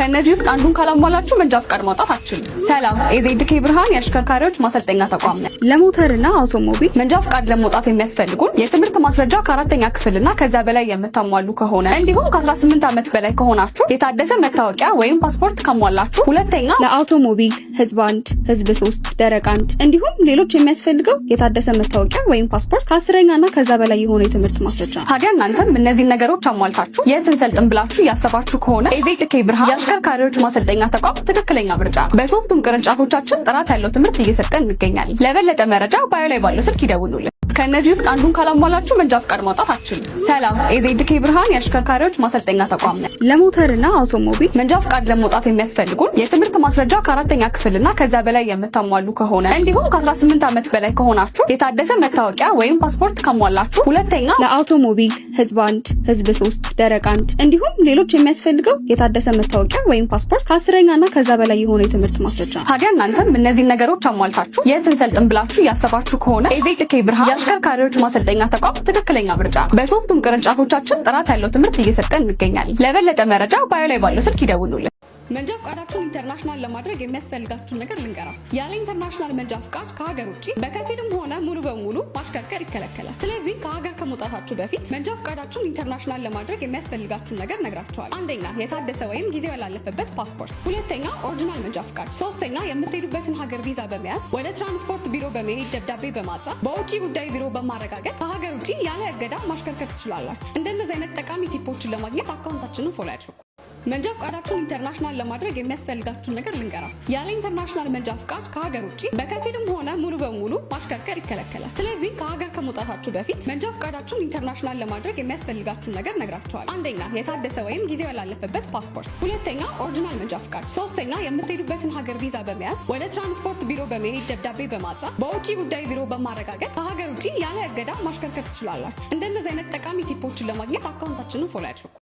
ከእነዚህ ውስጥ አንዱን ካላሟላችሁ መንጃ ፍቃድ ማውጣት አችሉ ሰላም፣ የዜድኬ ብርሃን የአሽከርካሪዎች ማሰልጠኛ ተቋም ነን። ለሞተርና አውቶሞቢል መንጃ ፍቃድ ለመውጣት የሚያስፈልጉን የትምህርት ማስረጃ ከአራተኛ ክፍልና ከዚያ በላይ የምታሟሉ ከሆነ እንዲሁም ከ18 ዓመት በላይ ከሆናችሁ የታደሰ መታወቂያ ወይም ፓስፖርት ካሟላችሁ፣ ሁለተኛ ለአውቶሞቢል ህዝብ አንድ፣ ህዝብ ሶስት፣ ደረቅ አንድ እንዲሁም ሌሎች የሚያስፈልገው የታደሰ መታወቂያ ወይም ፓስፖርት ከአስረኛና ከዛ በላይ የሆነ የትምህርት ማስረጃ ነው። ታዲያ እናንተም እነዚህን ነገሮች አሟልታችሁ የትን ሰልጥን ብላችሁ እያሰባችሁ ከሆነ የዜድኬ ብርሃን ለአሽከርካሪዎች ማሰልጠኛ ተቋም ትክክለኛ ምርጫ። በሶስቱም ቅርንጫፎቻችን ጥራት ያለው ትምህርት እየሰጠን እንገኛለን። ለበለጠ መረጃ ባዮ ላይ ባለው ስልክ ይደውሉልን። ከእነዚህ ውስጥ አንዱን ካላሟላችሁ መንጃ ፍቃድ ማውጣት አችሉ። ሰላም፣ ኤዜድኬ ብርሃን የአሽከርካሪዎች ማሰልጠኛ ተቋም ነው። ለሞተርና አውቶሞቢል መንጃ ፍቃድ ለመውጣት የሚያስፈልጉን የትምህርት ማስረጃ ከአራተኛ ክፍልና ከዛ በላይ የምታሟሉ ከሆነ እንዲሁም ከ18 ዓመት በላይ ከሆናችሁ የታደሰ መታወቂያ ወይም ፓስፖርት ካሟላችሁ፣ ሁለተኛ ለአውቶሞቢል ህዝብ አንድ፣ ህዝብ ሶስት፣ ደረቅ አንድ እንዲሁም ሌሎች የሚያስፈልገው የታደሰ መታወቂያ ወይም ፓስፖርት ከአስረኛና ከዛ በላይ የሆነ የትምህርት ማስረጃ ነው። ታዲያ እናንተም እነዚህን ነገሮች አሟልታችሁ የትን ሰልጥን ብላችሁ እያሰባችሁ ከሆነ ኤዜድኬ ብርሃን ለአሽከርካሪዎች ማሰልጠኛ ተቋም ትክክለኛ ምርጫ በሶስቱም ቅርንጫፎቻችን ጥራት ያለው ትምህርት እየሰጠን እንገኛለን። ለበለጠ መረጃ ባዮ ላይ ባለው ስልክ ይደውሉልን። መንጃ ፍቃዳችሁን ኢንተርናሽናል ለማድረግ የሚያስፈልጋችሁን ነገር ልንገራችሁ። ያለ ኢንተርናሽናል መንጃ ፍቃድ ከሀገር ውጭ በከፊልም ሆነ ሙሉ በሙሉ ማሽከርከር ይከለከላል። ስለዚህ ከሀገር ከመውጣታችሁ በፊት መንጃ ፍቃዳችሁን ኢንተርናሽናል ለማድረግ የሚያስፈልጋችሁን ነገር ነግራችኋል። አንደኛ የታደሰ ወይም ጊዜው ያላለፈበት ፓስፖርት፣ ሁለተኛ ኦሪጂናል መንጃ ፍቃድ፣ ሶስተኛ የምትሄዱበትን ሀገር ቪዛ በመያዝ ወደ ትራንስፖርት ቢሮ በመሄድ ደብዳቤ በማጻፍ በውጭ ጉዳይ ቢሮ በማረጋገጥ ከሀገር ውጭ ያለ እገዳ ማሽከርከር ትችላላችሁ። እንደነዚህ አይነት ጠቃሚ ቲፖችን ለማግኘት አካውንታችንን ፎሎ ያድርጉ። መንጃ ፍቃዳችሁን ኢንተርናሽናል ለማድረግ የሚያስፈልጋችሁን ነገር ልንገራ። ያለ ኢንተርናሽናል መንጃ ፍቃድ ከሀገር ውጭ በከፊልም ሆነ ሙሉ በሙሉ ማሽከርከር ይከለከላል። ስለዚህ ከሀገር ከመውጣታችሁ በፊት መንጃ ፍቃዳችሁን ኢንተርናሽናል ለማድረግ የሚያስፈልጋችሁን ነገር ነግራችኋል። አንደኛ የታደሰ ወይም ጊዜው ያላለፈበት ፓስፖርት፣ ሁለተኛ ኦሪጂናል መንጃ ፍቃድ፣ ሶስተኛ የምትሄዱበትን ሀገር ቪዛ በመያዝ ወደ ትራንስፖርት ቢሮ በመሄድ ደብዳቤ በማጻፍ በውጭ ጉዳይ ቢሮ በማረጋገጥ ከሀገር ውጭ ያለ እገዳ ማሽከርከር ትችላላችሁ። እንደነዚህ አይነት ጠቃሚ ቲፖችን ለማግኘት አካውንታችንን ፎሎ ያድርጉ።